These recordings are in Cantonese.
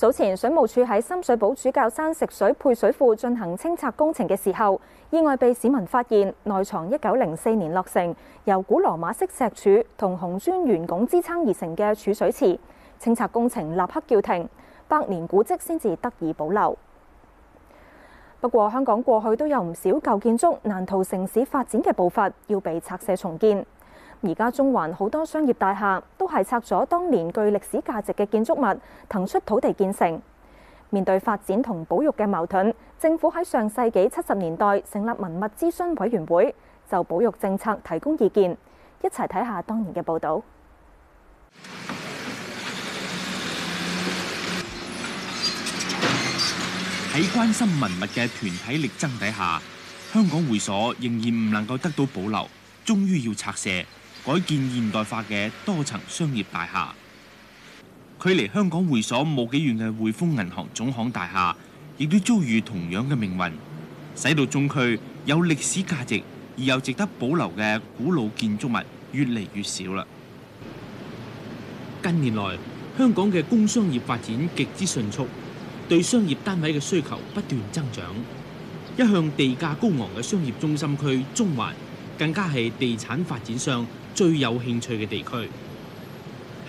早前水務署喺深水埗主教山食水配水庫進行清拆工程嘅時候，意外被市民發現內藏一九零四年落成，由古羅馬式石柱同紅磚圓拱支撐而成嘅儲水池。清拆工程立刻叫停，百年古蹟先至得以保留。不過，香港過去都有唔少舊建築難逃城市發展嘅步伐，要被拆卸重建。而家中環好多商業大廈都係拆咗當年具歷史價值嘅建築物，騰出土地建成。面對發展同保育嘅矛盾，政府喺上世紀七十年代成立文物諮詢委員會，就保育政策提供意見。一齊睇下當年嘅報道。喺關心文物嘅團體力爭底下，香港會所仍然唔能夠得到保留，終於要拆卸。改建現代化嘅多層商業大廈，距離香港會所冇幾遠嘅匯豐銀行總行大廈亦都遭遇同樣嘅命運，使到中區有歷史價值而又值得保留嘅古老建築物越嚟越少啦。近年來，香港嘅工商業發展極之迅速，對商業單位嘅需求不斷增長，一向地價高昂嘅商業中心區中環更加係地產發展商最有興趣嘅地區，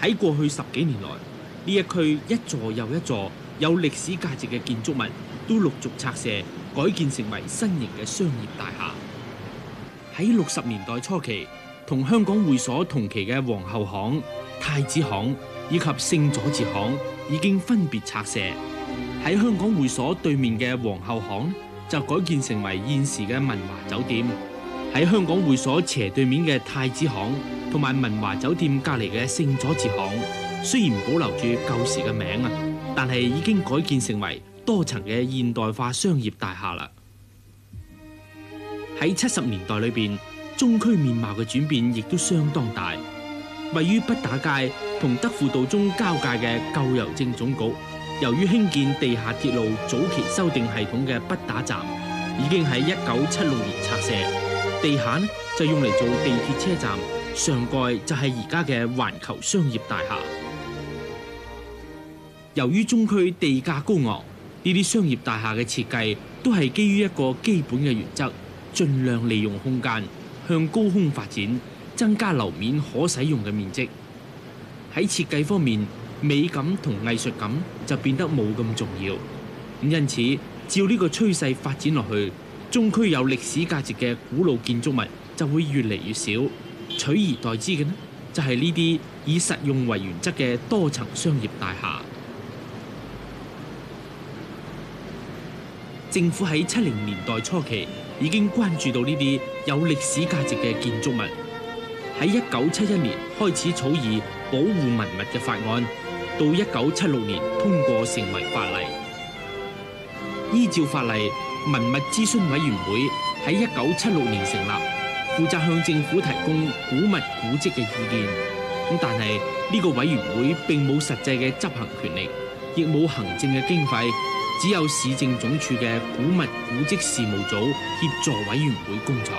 喺過去十幾年來，呢一區一座又一座有歷史價值嘅建築物都陸續拆卸，改建成為新型嘅商業大廈。喺六十年代初期，同香港會所同期嘅皇后行、太子行以及聖佐治行已經分別拆卸。喺香港會所對面嘅皇后行就改建成為現時嘅文華酒店。喺香港會所斜對面嘅太子行同埋文華酒店隔籬嘅聖佐治行，雖然保留住舊時嘅名啊，但係已經改建成為多層嘅現代化商業大廈啦。喺七十年代裏邊，中區面貌嘅轉變亦都相當大。位於畢打街同德輔道中交界嘅舊郵政總局，由於興建地下鐵路早期修訂系統嘅畢打站，已經喺一九七六年拆卸。地下呢就用嚟做地鐵車站，上蓋就係而家嘅環球商業大廈。由於中區地價高昂，呢啲商業大廈嘅設計都係基於一個基本嘅原則，盡量利用空間向高空發展，增加樓面可使用嘅面積。喺設計方面，美感同藝術感就變得冇咁重要。因此，照呢個趨勢發展落去。中區有歷史價值嘅古老建築物就會越嚟越少，取而代之嘅呢，就係呢啲以實用為原則嘅多層商業大廈。政府喺七零年代初期已經關注到呢啲有歷史價值嘅建築物，喺一九七一年開始草擬保護文物嘅法案，到一九七六年通過成為法例。依照法例，文物諮詢委員會喺一九七六年成立，負責向政府提供古物古蹟嘅意見。咁但係呢個委員會並冇實際嘅執行權力，亦冇行政嘅經費，只有市政總署嘅古物古蹟事務組協助委員會工作。